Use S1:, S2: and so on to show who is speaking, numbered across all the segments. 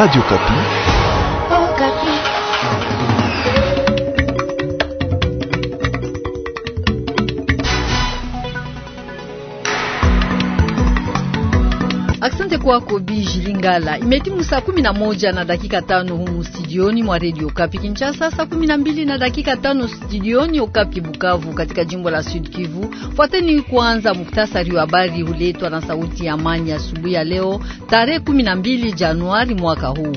S1: Radio Kapi.
S2: Asante kwako Biji Jilingala. Imetimu saa kumi na moja na dakika tano humu studioni mwa Radio Okapi Kinshasa, saa kumi na mbili na dakika tano studioni Okapi Bukavu katika jimbo la Sud Kivu. Fuateni kwanza muktasari wa habari huletwa na sauti ya amani asubuhi ya leo tarehe 12 Januari mwaka huu.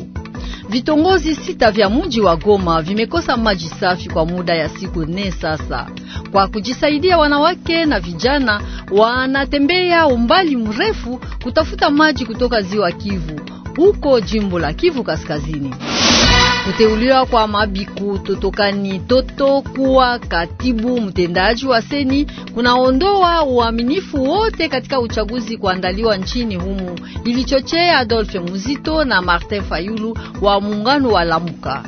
S2: Vitongozi sita vya mji wa Goma vimekosa maji safi kwa muda ya siku nne sasa. Kwa kujisaidia wanawake na vijana wanatembea umbali mrefu kutafuta maji kutoka ziwa Kivu huko jimbo la Kivu Kaskazini. Kuteuliwa kwa Mabiku Totokani Toto kuwa katibu mtendaji wa Seni kunaondoa uaminifu wote katika uchaguzi kuandaliwa nchini humu, ilichochea Adolphe Muzito na Martin Fayulu wa muungano wa Lamuka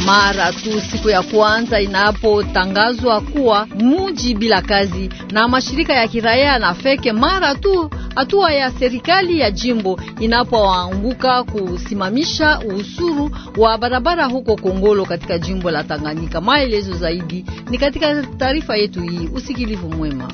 S2: mara tu siku ya kwanza inapotangazwa kuwa mji bila kazi na mashirika ya kiraia na feke, mara tu hatua ya serikali ya jimbo inapoanguka kusimamisha usuru wa barabara huko Kongolo katika jimbo la Tanganyika. Maelezo zaidi ni katika taarifa yetu hii. Usikilivu mwema.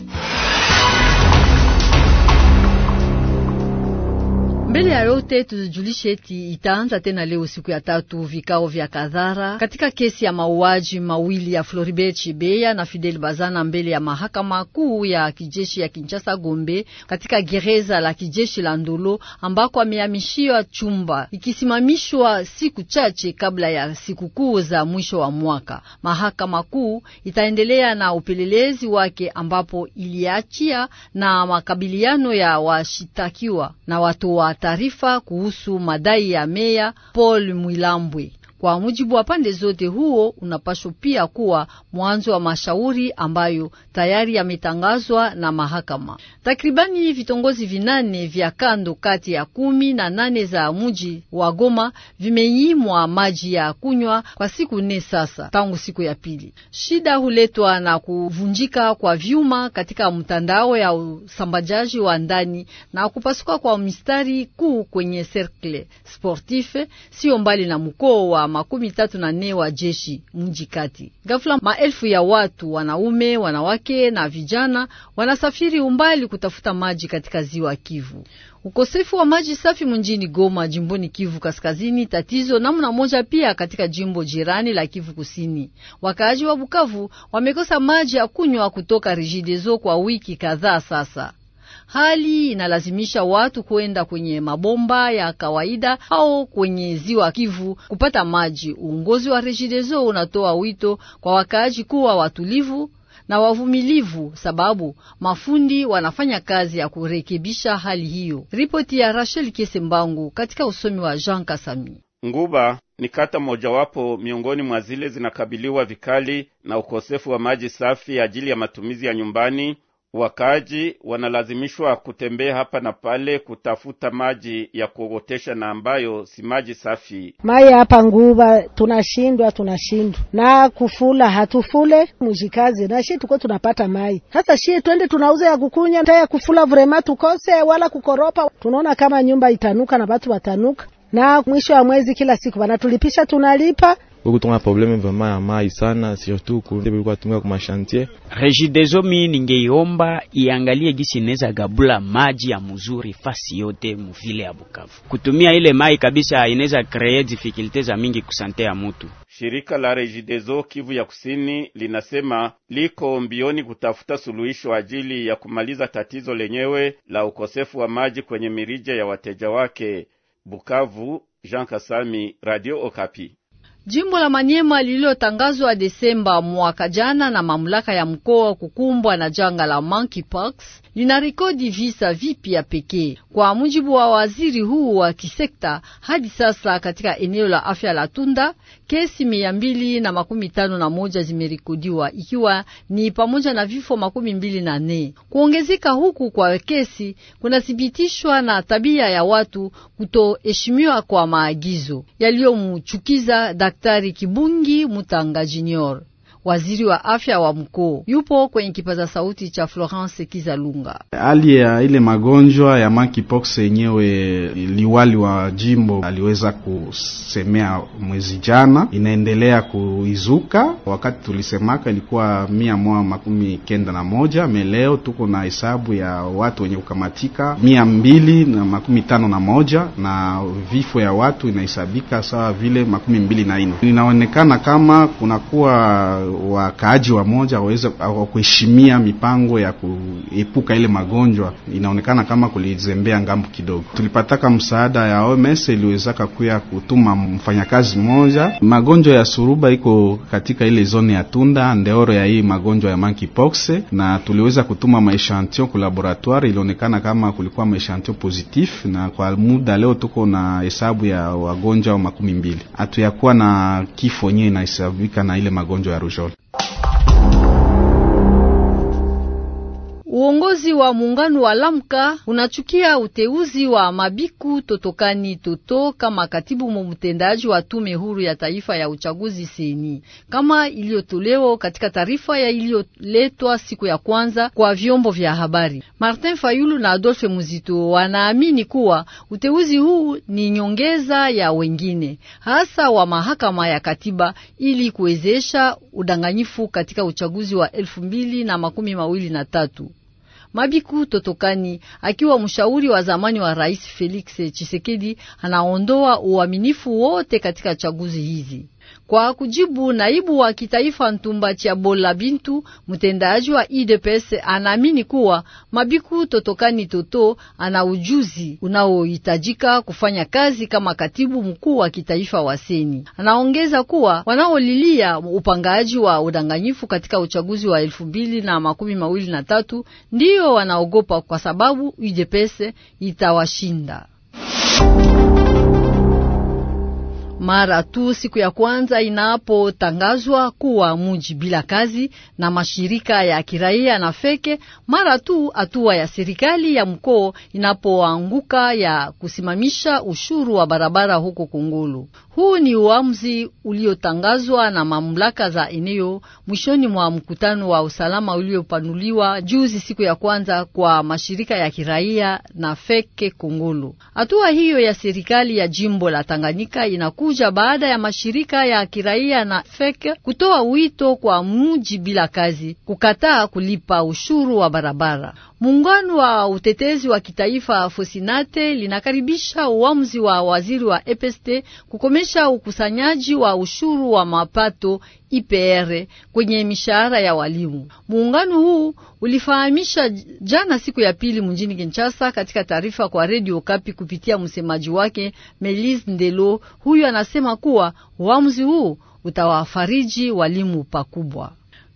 S2: Mbele ya yote tuzijulishe eti itaanza tena leo siku ya tatu vikao vya kadhara katika kesi ya mauaji mawili ya Floribert Chebeya na Fidel Bazana mbele ya mahakama kuu ya kijeshi ya Kinshasa Gombe katika gereza la kijeshi la Ndolo ambako amehamishiwa chumba ikisimamishwa siku chache kabla ya sikukuu za mwisho wa mwaka. Mahakama kuu itaendelea na upelelezi wake ambapo iliachia na makabiliano ya washitakiwa na watu wa taarifa kuhusu madai ya meya Paul Mwilambwe. Kwa mujibu wa pande zote, huo unapaswa pia kuwa mwanzo wa mashauri ambayo tayari yametangazwa na mahakama. Takribani vitongozi vinane vya kando kati ya kumi na nane za muji wa Goma vimenyimwa maji ya kunywa kwa siku nne sasa, tangu siku ya pili. Shida huletwa na kuvunjika kwa vyuma katika mtandao ya usambazaji wa ndani na kupasuka kwa mistari kuu kwenye Cercle Sportif, sio mbali na mkoa wa makumi tatu na nne wa jeshi mji kati. Ghafla maelfu ya watu, wanaume, wanawake na vijana wanasafiri umbali kutafuta maji katika ziwa Kivu. Ukosefu wa maji safi mjini Goma, jimboni Kivu Kaskazini, tatizo namna moja pia katika jimbo jirani la Kivu Kusini. Wakaaji wa Bukavu wamekosa maji ya kunywa kutoka Rijidezo kwa wiki kadhaa sasa hali inalazimisha watu kwenda kwenye mabomba ya kawaida au kwenye ziwa Kivu kupata maji. Uongozi wa Regideso unatoa wito kwa wakaaji kuwa watulivu na wavumilivu, sababu mafundi wanafanya kazi ya kurekebisha hali hiyo. Ripoti ya Rachel Kesembangu katika usomi wa Jean Kasami.
S3: Nguba ni kata mojawapo miongoni mwa zile zinakabiliwa vikali na ukosefu wa maji safi ajili ya matumizi ya nyumbani Wakaaji wanalazimishwa kutembea hapa na pale kutafuta maji ya kuogotesha na ambayo si maji safi.
S2: Maji hapa nguva, tunashindwa tunashindwa na kufula, hatufule mujikazi na shi tuko tunapata maji hasa shi twende tunauza ya kukunya ta ya kufula vrema tukose wala kukoropa. Tunaona kama nyumba itanuka na watu watanuka, na mwisho wa mwezi kila siku wanatulipisha tunalipa huku
S1: tuna probleme vraiment ya mai sana, surtout kulikuwa tumika kwa mashantier. Regideso mi ningeiomba iangalie gisi inaweza gabula maji ya mzuri fasi yote muvile ya Bukavu, kutumia ile mai kabisa inaweza kreye difikilte za mingi kusante ya mutu.
S3: Shirika la Regideso Kivu ya Kusini linasema liko mbioni kutafuta suluhisho ajili ya kumaliza tatizo lenyewe la ukosefu wa maji kwenye mirija ya wateja wake. Bukavu, Jean Kasami, Radio Okapi.
S2: Jimbo la Manyema lililotangazwa Desemba mwaka jana na mamlaka ya mkoa kukumbwa na janga la monkeypox lina rekodi visa vipya pekee. Kwa mujibu wa waziri huu wa kisekta, hadi sasa katika eneo la afya la Tunda kesi mia mbili na makumi tano na moja zimerekodiwa ikiwa ni pamoja na vifo makumi mbili na nne. Kuongezeka huku kwa kesi kunathibitishwa na tabia ya watu kutoheshimiwa kwa maagizo yaliyomchukiza Daktari Kibungi Mutanga Junior waziri wa afya wa mkoo yupo kwenye kipaza sauti cha Florence Kizalunga.
S3: Hali ya ile magonjwa ya monkeypox yenyewe, liwali wa jimbo aliweza kusemea mwezi jana, inaendelea kuizuka. Wakati tulisemaka ilikuwa mia moja makumi kenda na moja meleo tuko na hesabu ya watu wenye kukamatika mia mbili na makumi tano na moja na vifo ya watu inahesabika sawa vile makumi mbili na ine. Inaonekana kama kunakuwa wakaaji wa moja waweze kuheshimia mipango ya kuepuka ile magonjwa, inaonekana kama kulizembea ngambo kidogo. Tulipataka msaada ya OMS iliwezaka kuya kutuma mfanyakazi mmoja. Magonjwa ya suruba iko katika ile zone ya Tunda ndeoro ya hii magonjwa ya monkeypox, na tuliweza kutuma maeshantio ku laboratoire, ilionekana kama kulikuwa maeshantio positif, na kwa muda leo tuko na hesabu ya wagonjwa makumi mbili. Hatuyakuwa na kifo nyewe inahesabika na ile magonjwa ya rujo
S2: Uongozi wa muungano wa Lamka unachukia uteuzi wa Mabiku Totokani Toto kama katibu mumtendaji wa tume huru ya taifa ya uchaguzi seni, kama iliyotolewa katika taarifa ya iliyoletwa siku ya kwanza kwa vyombo vya habari. Martin Fayulu na Adolphe Muzito wanaamini kuwa uteuzi huu ni nyongeza ya wengine, hasa wa mahakama ya katiba ili kuwezesha udanganyifu katika uchaguzi wa elfu mbili na makumi mawili na tatu mabiku totokani akiwa mshauri wa zamani wa Rais Felix Tshisekedi anaondoa uaminifu wote katika chaguzi hizi. Kwa kujibu, naibu wa kitaifa Ntumba cha Bola Bintu, mtendaji wa IDPS, anaamini kuwa Mabiku Totokani Toto ana ujuzi unaohitajika kufanya kazi kama katibu mkuu wa kitaifa wa Seni. Anaongeza kuwa wanaolilia upangaji wa udanganyifu katika uchaguzi wa elfu mbili na makumi mawili na tatu ndiyo wanaogopa kwa sababu IDPS itawashinda mara tu siku ya kwanza inapotangazwa kuwa muji bila kazi na mashirika ya kiraia na feke, mara tu hatua ya serikali ya mkoo inapoanguka ya kusimamisha ushuru wa barabara huko Kungulu. Huu ni uamuzi uliotangazwa na mamlaka za eneo mwishoni mwa mkutano wa usalama uliopanuliwa juzi siku ya kwanza kwa mashirika ya kiraia na Feke Kongolo. Hatua hiyo ya serikali ya jimbo la Tanganyika inakuja baada ya mashirika ya kiraia na Feke kutoa wito kwa mji bila kazi kukataa kulipa ushuru wa barabara. Muungano wa utetezi wa kitaifa Fosinate linakaribisha uamuzi wa waziri wa EPST kukomesha ukusanyaji wa ushuru wa mapato IPR kwenye mishahara ya walimu. Muungano huu ulifahamisha jana siku ya pili mjini Kinshasa katika taarifa kwa Radio Kapi kupitia msemaji wake melis Ndelo. Huyu anasema kuwa uamuzi huu utawafariji walimu pakubwa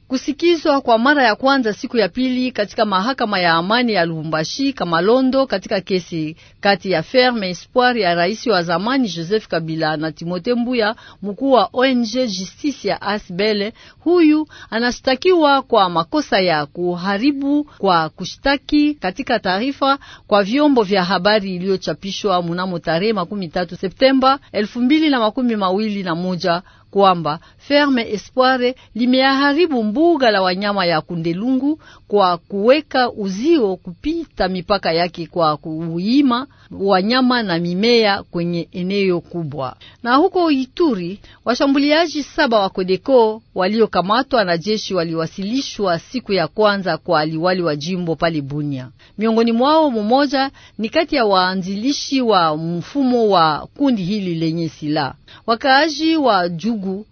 S2: kusikizwa kwa mara ya kwanza siku ya pili katika mahakama ya amani ya Lubumbashi Kamalondo katika kesi kati ya Ferme Espoir ya rais wa zamani Joseph Kabila na Timote Mbuya, mkuu wa ONG Justice ya Asbele. Huyu anashtakiwa kwa makosa ya kuharibu kwa kushtaki katika taarifa kwa vyombo vya habari iliyochapishwa mnamo tarehe 13 Septemba 2021 kwamba Ferme Espoire limeharibu mbuga la wanyama ya Kundelungu kwa kuweka uzio kupita mipaka yake kwa kuuima wanyama na mimea kwenye eneo kubwa. Na huko Ituri, washambuliaji saba wa Kodeko waliokamatwa na jeshi waliwasilishwa siku ya kwanza kwa aliwali wa jimbo pale bunya Miongoni mwao mmoja ni kati ya waanzilishi wa mfumo wa kundi hili lenye silaha. Wakaaji wa Jugu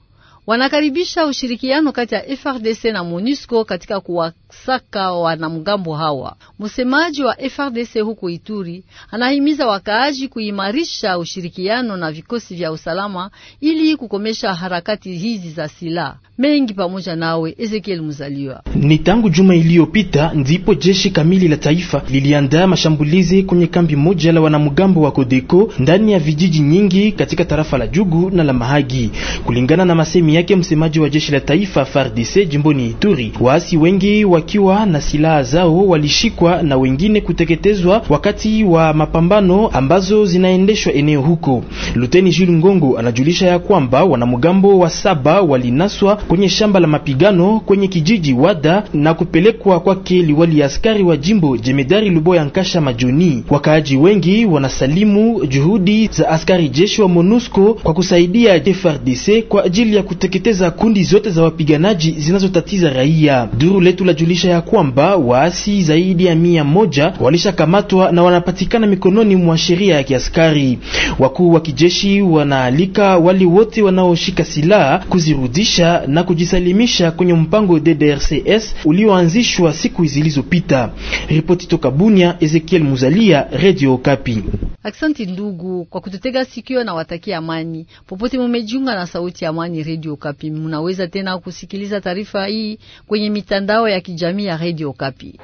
S2: wanakaribisha ushirikiano kati ya FRDC na MONUSCO katika kuwasaka wanamgambo hawa. Msemaji wa FRDC huko Ituri anahimiza wakaaji kuimarisha ushirikiano na vikosi vya usalama ili kukomesha harakati hizi za silaha. Mengi pamoja nawe Ezekiel Muzaliwa.
S1: Ni tangu juma iliyopita ndipo jeshi kamili la taifa liliandaa mashambulizi kwenye kambi moja la wanamgambo wa Kodeko ndani ya vijiji nyingi katika tarafa la Jugu na la Mahagi kulingana na masemi yake msemaji wa jeshi la taifa FARDC jimboni Ituri. Waasi wengi wakiwa na silaha zao walishikwa na wengine kuteketezwa wakati wa mapambano ambazo zinaendeshwa eneo huko. Luteni Jules Ngongo anajulisha ya kwamba wanamgambo wa saba walinaswa kwenye shamba la mapigano kwenye kijiji Wada na kupelekwa kwake liwali askari wa jimbo Jemedari Luboya Nkasha Majoni. Wakaaji wengi wanasalimu juhudi za askari jeshi wa MONUSCO kwa kusaidia FARDC kwa ajili ya kuteketeza kundi zote za wapiganaji zinazotatiza raia. Duru letu lajulisha ya kwamba waasi zaidi ya mia moja walishakamatwa na wanapatikana mikononi mwa sheria ya kiaskari. Wakuu wa kijeshi wanaalika wale wote wanaoshika silaha kuzirudisha na kujisalimisha kwenye mpango DDRCS ulioanzishwa siku zilizopita. Ripoti toka Bunia, Ezekiel Muzalia, Radio Okapi.
S2: Aksanti ndugu kwa kututega sikio na watakia amani popote mumejiunga na sauti ya amani Radio Okapi. Mnaweza tena kusikiliza taarifa hii kwenye mitandao ya kijamii ya Radio Okapi.